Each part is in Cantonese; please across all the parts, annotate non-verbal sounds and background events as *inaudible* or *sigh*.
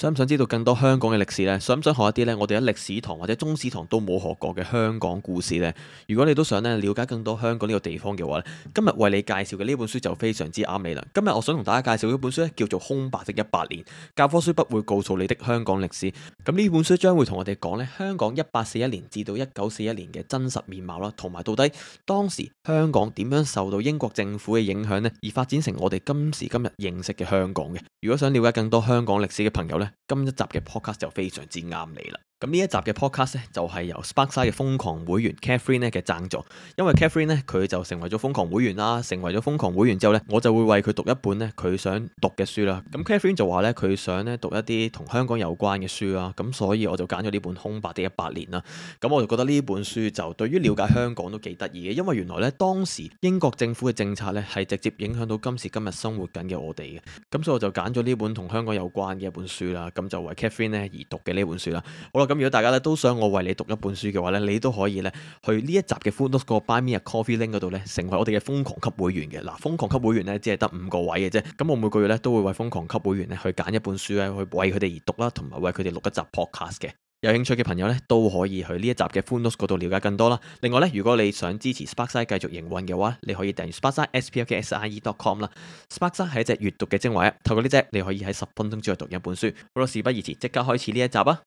想唔想知道更多香港嘅歷史呢？想唔想學一啲呢，我哋喺歷史堂或者中史堂都冇學過嘅香港故事呢？如果你都想呢，了解更多香港呢個地方嘅話呢，今日為你介紹嘅呢本書就非常之啱你啦！今日我想同大家介紹嘅本書呢，叫做《空白的一百年》，教科書不會告訴你的香港歷史。咁呢本書將會同我哋講呢香港一八四一年至到一九四一年嘅真實面貌啦，同埋到底當時香港點樣受到英國政府嘅影響呢，而發展成我哋今時今日認識嘅香港嘅？如果想了解更多香港歷史嘅朋友呢，今一集嘅 podcast 就非常之啱你啦。咁呢一集嘅 podcast 咧，就係由 Sparkside 嘅瘋狂會員 Katherine 咧嘅贊助，因為 Katherine 咧佢就成為咗瘋狂會員啦，成為咗瘋狂會員之後呢，我就會為佢讀一本呢佢想讀嘅書啦。咁 Katherine 就話呢，佢想呢讀一啲同香港有關嘅書啦，咁所以我就揀咗呢本空白嘅一百年啦。咁我就覺得呢本書就對於了解香港都幾得意嘅，因為原來呢，當時英國政府嘅政策呢係直接影響到今時今日生活緊嘅我哋嘅，咁所以我就揀咗呢本同香港有關嘅一本書啦，咁就為 Katherine 咧而讀嘅呢本書啦。好啦。咁如果大家咧都想我為你讀一本書嘅話咧，你都可以咧去呢一集嘅 f u l l n a l s 嗰個 Buy Me a Coffee Link 嗰度咧，成為我哋嘅瘋狂級會員嘅嗱、呃。瘋狂級會員咧，只係得五個位嘅啫。咁、嗯、我每個月咧都會為瘋狂級會員咧去揀一本書咧去為佢哋而讀啦，同埋為佢哋錄一集 Podcast 嘅。有興趣嘅朋友咧都可以去呢一集嘅 f u l l n a l s 嗰度了解更多啦。另外咧，如果你想支持 Sparkside 繼續營運嘅話，你可以訂閱 s p a r s e s p s i e dot com 啦。s p a r k s i 係一隻閱讀嘅精華啊，透過呢隻你可以喺十分鐘之內讀一本書。好啦，事不宜遲，即刻開始呢一集啊！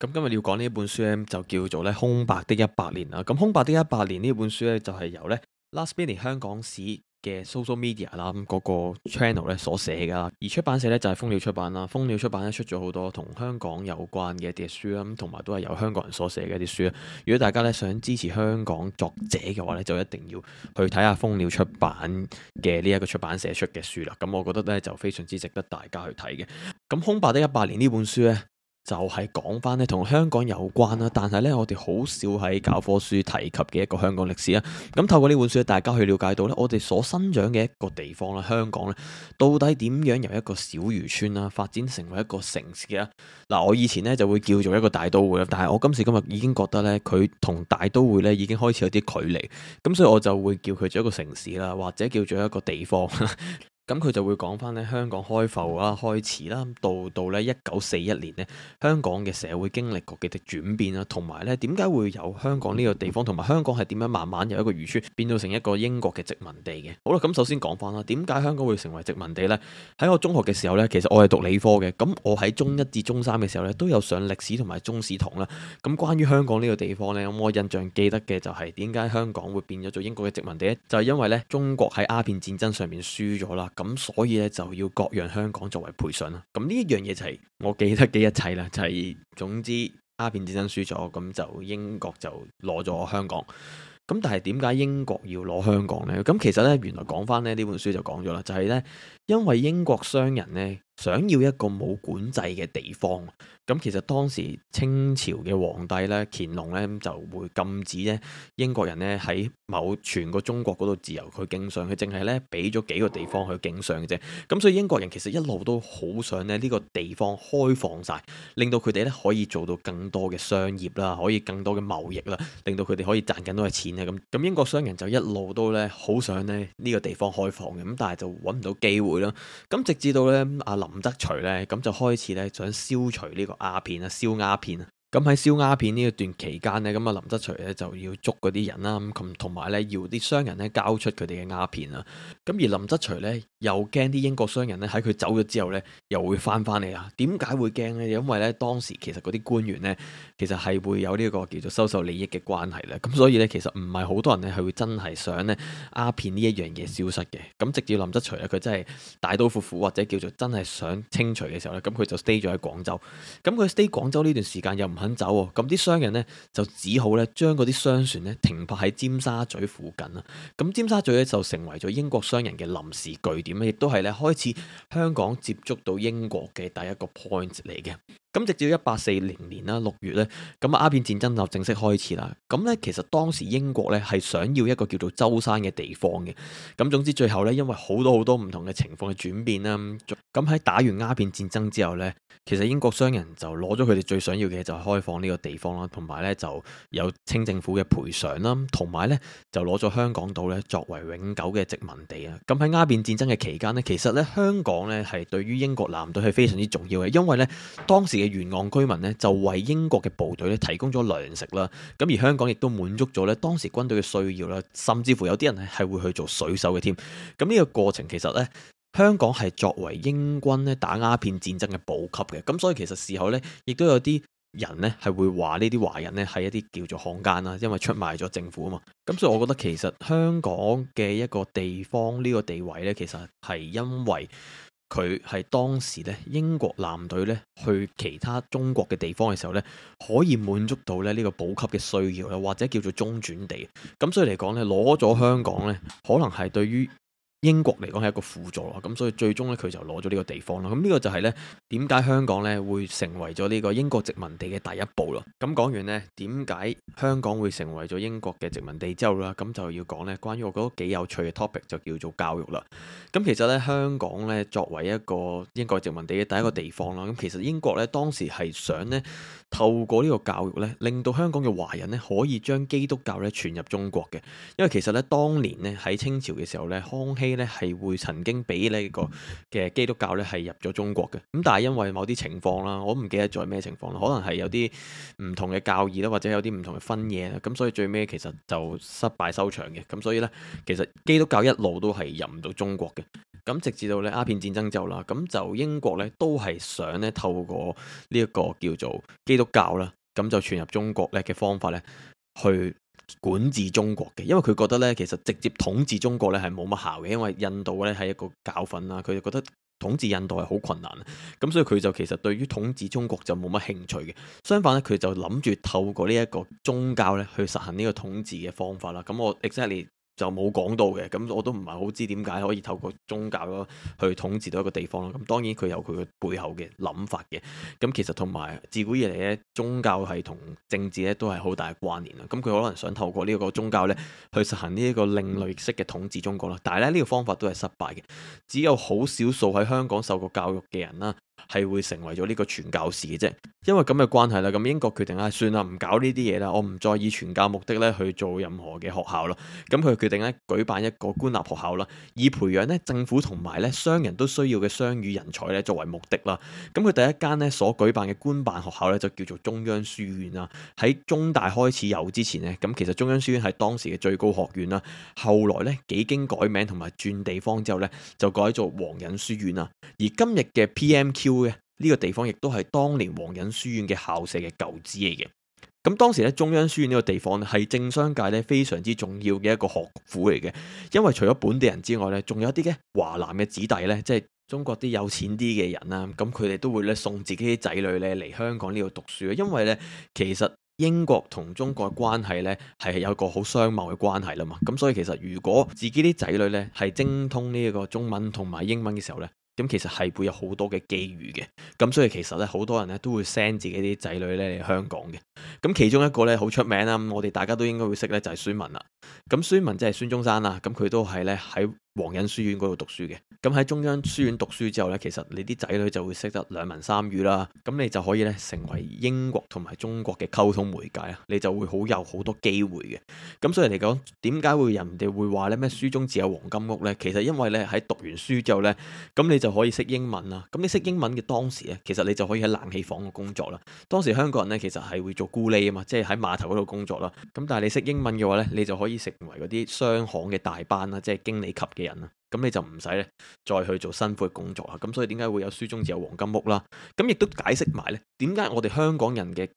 咁今日要講呢本書咧，就叫做咧《空白的一百年》啦。咁《空白的一百年》呢本書咧，就係由呢 Last Minute 香港史。嘅 social media 啦，咁嗰個 channel 咧所寫噶啦，而出版社咧就係蜂鳥出版啦，蜂鳥出版咧出咗好多同香港有關嘅一啲書啦，咁同埋都係由香港人所寫嘅一啲書啦。如果大家咧想支持香港作者嘅話咧，就一定要去睇下蜂鳥出版嘅呢一個出版社出嘅書啦。咁我覺得咧就非常之值得大家去睇嘅。咁《空白的一百年》呢本書咧。就係講翻呢，同香港有關啦，但係呢，我哋好少喺教科書提及嘅一個香港歷史啊。咁透過呢本書大家去了解到呢，我哋所生長嘅一個地方啦，香港呢，到底點樣由一個小漁村啦發展成為一個城市啊？嗱，我以前呢就會叫做一個大都會啦，但係我今時今日已經覺得呢，佢同大都會呢已經開始有啲距離，咁所以我就會叫佢做一個城市啦，或者叫做一個地方。 *laughs* 咁佢就會講翻咧香港開埠啦、開始啦，到到咧一九四一年咧，香港嘅社會經歷過嘅啲轉變啦，同埋咧點解會有香港呢個地方，同埋香港係點樣慢慢由一個漁村變做成一個英國嘅殖民地嘅。好啦，咁首先講翻啦，點解香港會成為殖民地呢？喺我中學嘅時候呢，其實我係讀理科嘅，咁我喺中一至中三嘅時候呢，都有上歷史同埋中史堂啦。咁關於香港呢個地方呢，咁我印象記得嘅就係點解香港會變咗做英國嘅殖民地咧？就係、因為呢中國喺鴉片戰爭上面輸咗啦。咁所以咧就要割讓香港作為賠償啦。咁呢一樣嘢就係我記得嘅一切啦。就係、是、總之，之，鴉片戰爭輸咗，咁就英國就攞咗香港。咁但係點解英國要攞香港呢？咁其實呢，原來講翻呢呢本書就講咗啦，就係、是、呢，因為英國商人呢。想要一個冇管制嘅地方，咁其實當時清朝嘅皇帝咧，乾隆咧就會禁止咧英國人咧喺某全個中國嗰度自由去經商，佢淨係咧俾咗幾個地方去經商嘅啫。咁所以英國人其實一路都好想咧呢、呢個地方開放晒，令到佢哋咧可以做到更多嘅商業啦，可以更多嘅貿易啦，令到佢哋可以賺更多嘅錢啊咁。咁英國商人就一路都咧好想咧呢、呢個地方開放嘅，咁但係就揾唔到機會啦。咁直至到咧阿、啊、林。唔得除咧，咁就開始咧，想消除呢個鴉片啊，燒鴉片啊。咁喺燒鴉片呢一段期間呢，咁啊林則徐咧就要捉嗰啲人啦，咁同埋咧要啲商人咧交出佢哋嘅鴉片啦。咁而林則徐咧又驚啲英國商人咧喺佢走咗之後咧又會翻翻嚟啊。點解會驚咧？因為咧當時其實嗰啲官員咧其實係會有呢個叫做收受利益嘅關係咧，咁所以咧其實唔係好多人咧係會真係想咧鴉片呢一樣嘢消失嘅。咁直至林則徐咧佢真係大刀闊斧或者叫做真係想清除嘅時候咧，咁佢就 stay 咗喺廣州。咁佢 stay 廣州呢段時間又唔。肯走，咁啲商人呢，就只好咧將嗰啲商船咧停泊喺尖沙咀附近啊，咁尖沙咀咧就成為咗英國商人嘅臨時據點咧，亦都係咧開始香港接觸到英國嘅第一個 point 嚟嘅。咁直至一八四零年啦六月咧，咁鴉片戰爭就正式開始啦。咁咧其實當時英國咧係想要一個叫做舟山嘅地方嘅。咁總之最後咧，因為好多好多唔同嘅情況嘅轉變啦，咁喺打完鴉片戰爭之後咧，其實英國商人就攞咗佢哋最想要嘅就係開放呢個地方啦，同埋咧就有清政府嘅賠償啦，同埋咧就攞咗香港島咧作為永久嘅殖民地啊。咁喺鴉片戰爭嘅期間咧，其實咧香港咧係對於英國艦隊係非常之重要嘅，因為咧當時。嘅沿岸居民呢，就為英國嘅部隊咧提供咗糧食啦。咁而香港亦都滿足咗咧當時軍隊嘅需要啦。甚至乎有啲人咧係會去做水手嘅添。咁、這、呢個過程其實呢，香港係作為英軍咧打鴉片戰爭嘅補給嘅。咁所以其實事後呢，亦都有啲人呢係會話呢啲華人呢係一啲叫做漢奸啦，因為出賣咗政府啊嘛。咁所以我覺得其實香港嘅一個地方呢、這個地位呢，其實係因為。佢係當時咧英國艦隊咧去其他中國嘅地方嘅時候咧，可以滿足到咧呢個補給嘅需要啦，或者叫做中轉地。咁所以嚟講咧，攞咗香港咧，可能係對於。英國嚟講係一個輔助咯，咁所以最終咧佢就攞咗呢個地方咯。咁呢個就係咧點解香港咧會成為咗呢個英國殖民地嘅第一步咯。咁講完呢點解香港會成為咗英國嘅殖民地之後啦，咁就要講咧關於我覺得幾有趣嘅 topic 就叫做教育啦。咁其實咧香港咧作為一個英國殖民地嘅第一個地方啦，咁其實英國咧當時係想咧透過呢個教育咧，令到香港嘅華人咧可以將基督教咧傳入中國嘅。因為其實咧當年咧喺清朝嘅時候咧，康熙，咧係會曾經俾呢個嘅基督教咧係入咗中國嘅，咁但係因為某啲情況啦，我唔記得咗係咩情況啦，可能係有啲唔同嘅教義啦，或者有啲唔同嘅分野啦，咁所以最尾其實就失敗收場嘅，咁所以咧其實基督教一路都係入唔到中國嘅，咁直至到咧鴉片戰爭之後啦，咁就英國咧都係想咧透過呢一個叫做基督教啦，咁就傳入中國咧嘅方法咧去。管治中國嘅，因為佢覺得咧，其實直接統治中國咧係冇乜效嘅，因為印度咧係一個教訓啦，佢就覺得統治印度係好困難，咁所以佢就其實對於統治中國就冇乜興趣嘅，相反咧佢就諗住透過呢一個宗教咧去實行呢個統治嘅方法啦，咁我 exactly。就冇講到嘅，咁我都唔係好知點解可以透過宗教咯去統治到一個地方咯。咁當然佢有佢嘅背後嘅諗法嘅。咁其實同埋自古以嚟咧，宗教係同政治咧都係好大關聯啦。咁佢可能想透過呢個宗教咧去實行呢一個另類式嘅統治中國啦。但係咧呢個方法都係失敗嘅，只有好少數喺香港受過教育嘅人啦。係會成為咗呢個傳教士嘅啫，因為咁嘅關係啦，咁英國決定咧，啊，算啦，唔搞呢啲嘢啦，我唔再以傳教目的咧去做任何嘅學校咯。咁、嗯、佢決定咧，舉辦一個官立學校啦，以培養咧政府同埋咧商人都需要嘅雙語人才咧作為目的啦。咁、嗯、佢第一間咧所舉辦嘅官辦學校咧就叫做中央書院啦。喺中大開始有之前咧，咁其實中央書院係當時嘅最高學院啦。後來咧幾經改名同埋轉地方之後咧，就改做皇仁書院啦。而今日嘅 PMQ。呢個地方亦都係當年皇仁書院嘅校舍嘅舊址嚟嘅。咁當時咧，中央書院呢個地方係政商界咧非常之重要嘅一個學府嚟嘅。因為除咗本地人之外咧，仲有一啲嘅華南嘅子弟咧，即係中國啲有錢啲嘅人啦。咁佢哋都會咧送自己啲仔女咧嚟香港呢度讀書嘅。因為咧，其實英國同中國嘅關係咧係有個好商貿嘅關係啦嘛。咁所以其實如果自己啲仔女咧係精通呢個中文同埋英文嘅時候咧，咁其實係會有好多嘅機遇嘅，咁所以其實咧，好多人咧都會 send 自己啲仔女咧嚟香港嘅，咁其中一個咧好出名啦，我哋大家都應該會識咧就係孫文啦，咁孫文即係孫中山啦，咁佢都係咧喺皇仁書院嗰度讀書嘅，咁喺中央書院讀書之後呢，其實你啲仔女就會識得兩文三語啦，咁你就可以咧成為英國同埋中國嘅溝通媒介啊，你就會好有好多機會嘅。咁所以嚟講，點解會人哋會話咧咩書中自有黃金屋呢？其實因為咧喺讀完書之後呢，咁你就可以識英文啦。咁你識英文嘅當時呢，其實你就可以喺冷氣房度工作啦。當時香港人呢，其實係會做咕 l e 啊嘛，即係喺碼頭嗰度工作啦。咁但係你識英文嘅話呢，你就可以成為嗰啲商行嘅大班啦，即、就、係、是、經理級。嘅人啦，咁你就唔使咧，再去做辛苦嘅工作啊！咁所以點解會有書中自有黃金屋啦？咁亦都解釋埋咧，點解我哋香港人嘅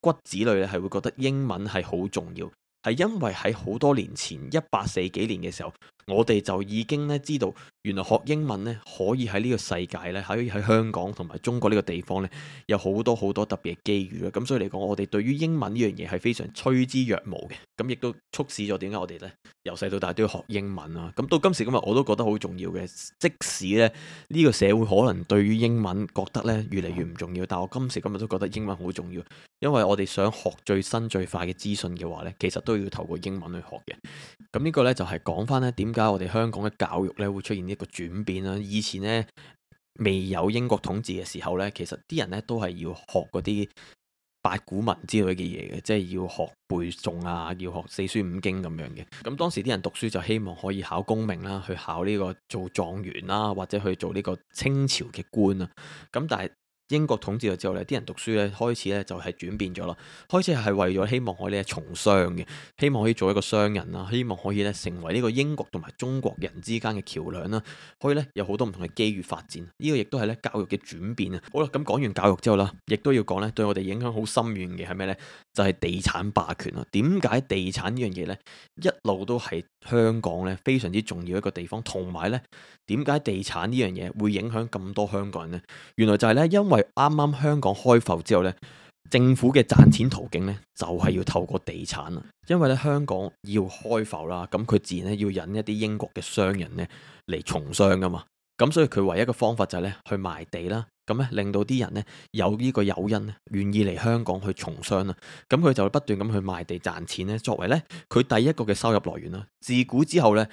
骨子裏咧係會覺得英文係好重要，係因為喺好多年前一八四幾年嘅時候，我哋就已經咧知道。原來學英文咧，可以喺呢個世界咧，喺喺香港同埋中國呢個地方咧，有好多好多特別嘅機遇啦。咁所以嚟講，我哋對於英文呢樣嘢係非常趨之若鶩嘅。咁亦都促使咗點解我哋咧，由細到大都要學英文啊。咁到今時今日，我都覺得好重要嘅。即使咧呢個社會可能對於英文覺得咧越嚟越唔重要，但我今時今日都覺得英文好重要，因為我哋想學最新最快嘅資訊嘅話咧，其實都要透過英文去學嘅。咁呢個咧就係講翻咧點解我哋香港嘅教育咧會出現呢個轉變啦，以前呢，未有英國統治嘅時候呢，其實啲人呢都係要學嗰啲八股文之類嘅嘢嘅，即係要學背誦啊，要學四書五經咁樣嘅。咁當時啲人讀書就希望可以考功名啦，去考呢個做狀元啦，或者去做呢個清朝嘅官啊。咁但係英國統治咗之後呢，啲人讀書咧開始咧就係轉變咗啦，開始係為咗希望我哋咧從商嘅，希望可以做一個商人啦，希望可以咧成為呢個英國同埋中國人之間嘅橋樑啦，可以咧有好多唔同嘅機遇發展，呢、這個亦都係咧教育嘅轉變啊。好啦，咁講完教育之後啦，亦都要講呢，對我哋影響好深遠嘅係咩呢？就係地產霸權咯。點解地產呢樣嘢呢？一路都係香港咧非常之重要一個地方，同埋呢，點解地產呢樣嘢會影響咁多香港人呢？原來就係呢，因為啱啱香港開埠之後呢，政府嘅賺錢途徑呢，就係要透過地產啊，因為咧香港要開埠啦，咁佢自然咧要引一啲英國嘅商人呢嚟從商噶嘛，咁所以佢唯一嘅方法就係呢去賣地啦。咁咧令到啲人咧有呢個誘因咧，願意嚟香港去從商啦。咁佢就不斷咁去賣地賺錢咧，作為咧佢第一個嘅收入來源啦。自古之後咧。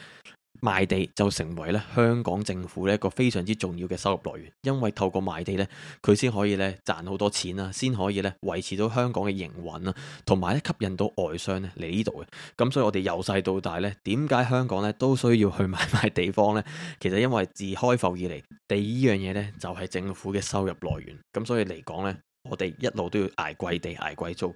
賣地就成為咧香港政府咧一個非常之重要嘅收入來源，因為透過賣地咧，佢先可以咧賺好多錢啦，先可以咧維持到香港嘅營運啦，同埋咧吸引到外商咧嚟呢度嘅。咁所以我哋由細到大咧，點解香港咧都需要去買賣地方呢？其實因為自開埠以嚟，第二樣嘢咧就係政府嘅收入來源。咁所以嚟講咧，我哋一路都要挨貴地挨貴租。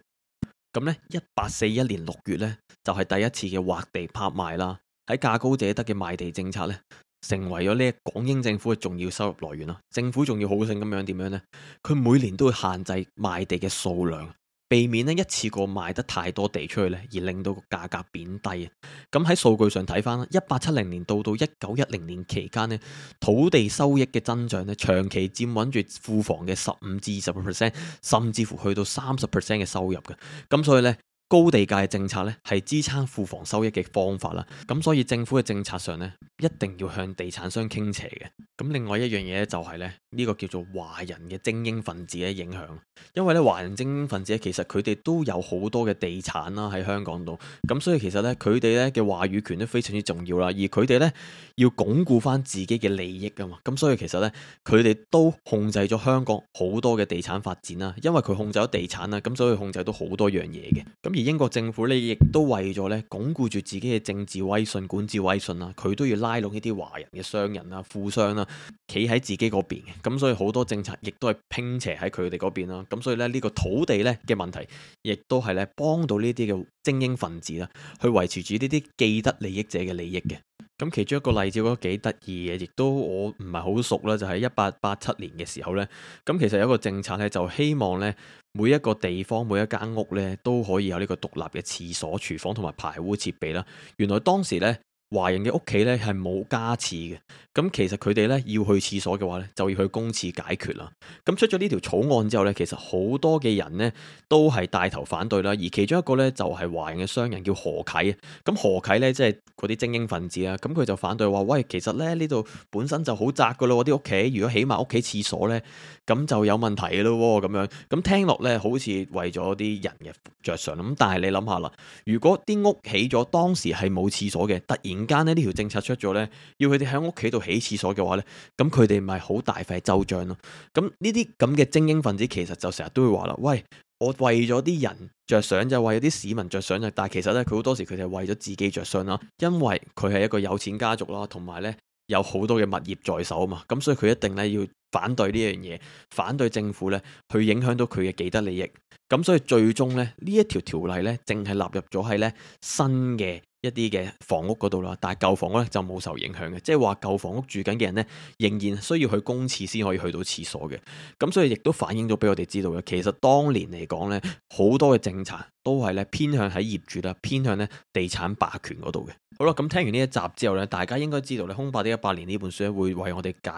咁咧，一八四一年六月咧，就係第一次嘅劃地拍賣啦。喺價高者得嘅賣地政策咧，成為咗呢個港英政府嘅重要收入來源啦。政府仲要好勝咁樣點樣呢？佢每年都會限制賣地嘅數量，避免咧一次過賣得太多地出去咧，而令到個價格貶低。咁喺數據上睇翻啦，一八七零年到到一九一零年期間咧，土地收益嘅增長咧，長期佔穩住庫房嘅十五至二十個 percent，甚至乎去到三十 percent 嘅收入嘅。咁、嗯、所以呢。高地價嘅政策咧，係支撐庫房收益嘅方法啦。咁所以政府嘅政策上咧，一定要向地產商傾斜嘅。咁另外一樣嘢咧就係咧，呢個叫做華人嘅精英分子嘅影響。因為咧華人精英分子咧其實佢哋都有好多嘅地產啦喺香港度。咁所以其實咧佢哋咧嘅話語權都非常之重要啦。而佢哋咧要鞏固翻自己嘅利益啊嘛。咁所以其實咧佢哋都控制咗香港好多嘅地產發展啦。因為佢控制咗地產啦，咁所以控制到好多樣嘢嘅。咁而英國政府咧，亦都為咗咧鞏固住自己嘅政治威信、管治威信啦、啊，佢都要拉攏呢啲華人嘅商人啊、富商啦、啊，企喺自己嗰邊嘅，咁所以好多政策亦都係傾斜喺佢哋嗰邊啦、啊，咁所以咧呢、呢個土地咧嘅問題，亦都係咧幫到呢啲嘅精英分子啦、啊，去維持住呢啲既得利益者嘅利益嘅。咁其中一個例子我覺得幾得意嘅，亦都我唔係好熟啦，就係一八八七年嘅時候呢，咁其實有一個政策呢，就希望呢，每一個地方每一間屋呢，都可以有呢個獨立嘅廁所、廚房同埋排污設備啦。原來當時呢，華人嘅屋企咧係冇家廁嘅，咁其實佢哋咧要去廁所嘅話咧，就要去公廁解決啦。咁出咗呢條草案之後咧，其實好多嘅人呢都係帶頭反對啦。而其中一個咧就係華人嘅商人叫何啟，咁何啟咧即係嗰啲精英分子啦，咁佢就反對話：喂，其實咧呢度本身就好窄噶咯，我啲屋企如果起埋屋企廁所咧，咁就有問題噶咯咁樣。咁聽落咧好似為咗啲人嘅着想咁，但係你諗下啦，如果啲屋起咗當時係冇廁所嘅，突然～間咧呢條政策出咗，呢要佢哋喺屋企度起廁所嘅話呢，咁佢哋咪好大費周章咯。咁呢啲咁嘅精英分子其實就成日都會話啦：喂，我為咗啲人着想就，為咗啲市民着想就，但係其實呢，佢好多時佢哋係為咗自己着想啦，因為佢係一個有錢家族咯，同埋呢有好多嘅物業在手嘛。咁所以佢一定呢要反對呢樣嘢，反對政府呢去影響到佢嘅既得利益。咁所以最終呢，呢一條條例呢，淨係納入咗係呢新嘅。一啲嘅房屋嗰度啦，但係舊房屋咧就冇受影響嘅，即係話舊房屋住緊嘅人咧，仍然需要去公廁先可以去到廁所嘅。咁所以亦都反映咗俾我哋知道嘅，其實當年嚟講咧，好多嘅政策都係咧偏向喺業主啦，偏向咧地產霸權嗰度嘅。好啦，咁、嗯、聽完呢一集之後咧，大家應該知道咧《空白的一百年》呢本書會為我哋介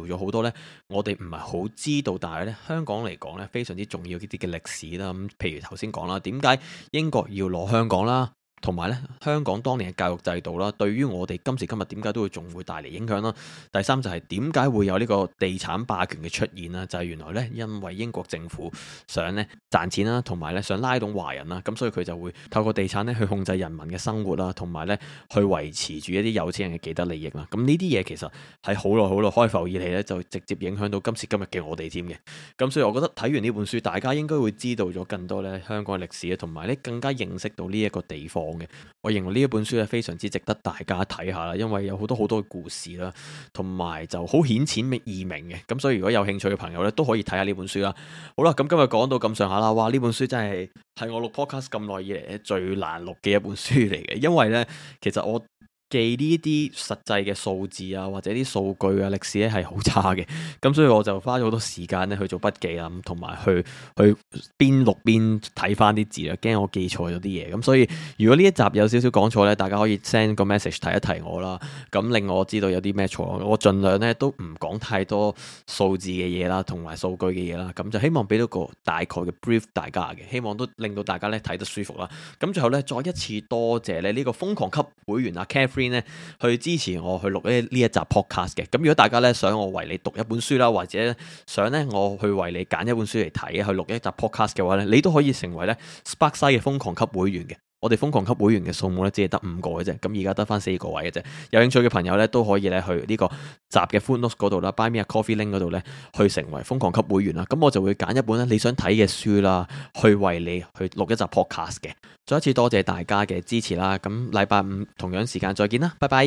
紹咗好多咧，我哋唔係好知道，但係咧香港嚟講咧非常之重要一啲嘅歷史啦。咁、嗯、譬如頭先講啦，點解英國要攞香港啦？同埋咧，香港當年嘅教育制度啦，對於我哋今時今日點解都會仲會帶嚟影響啦。第三就係點解會有呢個地產霸權嘅出現啦？就係原來咧，因為英國政府想咧賺錢啦，同埋咧想拉攏華人啦，咁所以佢就會透過地產咧去控制人民嘅生活啦，同埋咧去維持住一啲有錢人嘅既得利益啦。咁呢啲嘢其實喺好耐好耐開埠以嚟咧，就直接影響到今時今日嘅我哋添嘅。咁所以我覺得睇完呢本書，大家應該會知道咗更多咧香港嘅歷史啦，同埋咧更加認識到呢一個地方。我認為呢一本書咧非常之值得大家睇下啦，因為有好多好多嘅故事啦，同埋就好顯淺易明嘅，咁所以如果有興趣嘅朋友咧都可以睇下呢本書啦。好啦，咁今日講到咁上下啦，哇！呢本書真係係我錄 Podcast 咁耐以嚟咧最難錄嘅一本書嚟嘅，因為咧其實我。記呢啲實際嘅數字啊，或者啲數據啊，歷史咧係好差嘅，咁所以我就花咗好多時間咧去做筆記啊，同埋去去邊錄邊睇翻啲字啦，驚我記錯咗啲嘢，咁所以如果呢一集有少少講錯咧，大家可以 send 個 message 提一提我啦，咁令我知道有啲咩錯，我盡量咧都唔講太多數字嘅嘢啦，同埋數據嘅嘢啦，咁就希望俾到個大概嘅 brief 大家嘅，希望都令到大家咧睇得舒服啦，咁最後咧再一次多謝你呢、這個瘋狂級會員啊 Care。咧去支持我去錄一呢一集 podcast 嘅，咁如果大家咧想我為你讀一本書啦，或者想咧我去為你揀一本書嚟睇，去錄一集 podcast 嘅話咧，你都可以成為咧 Sparkside 嘅瘋狂級會員嘅。我哋瘋狂級會員嘅數目咧，只係得五個嘅啫，咁而家得翻四個位嘅啫。有興趣嘅朋友咧，都可以咧去呢個集嘅 Footnotes 嗰度啦，Buy Me A Coffee Link 嗰度咧，去成為瘋狂級會員啦。咁我就會揀一本咧你想睇嘅書啦，去為你去錄一集 Podcast 嘅。再一次多謝大家嘅支持啦，咁禮拜五同樣時間再見啦，拜拜。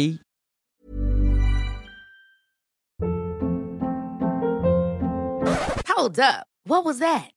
Hold up! What was that?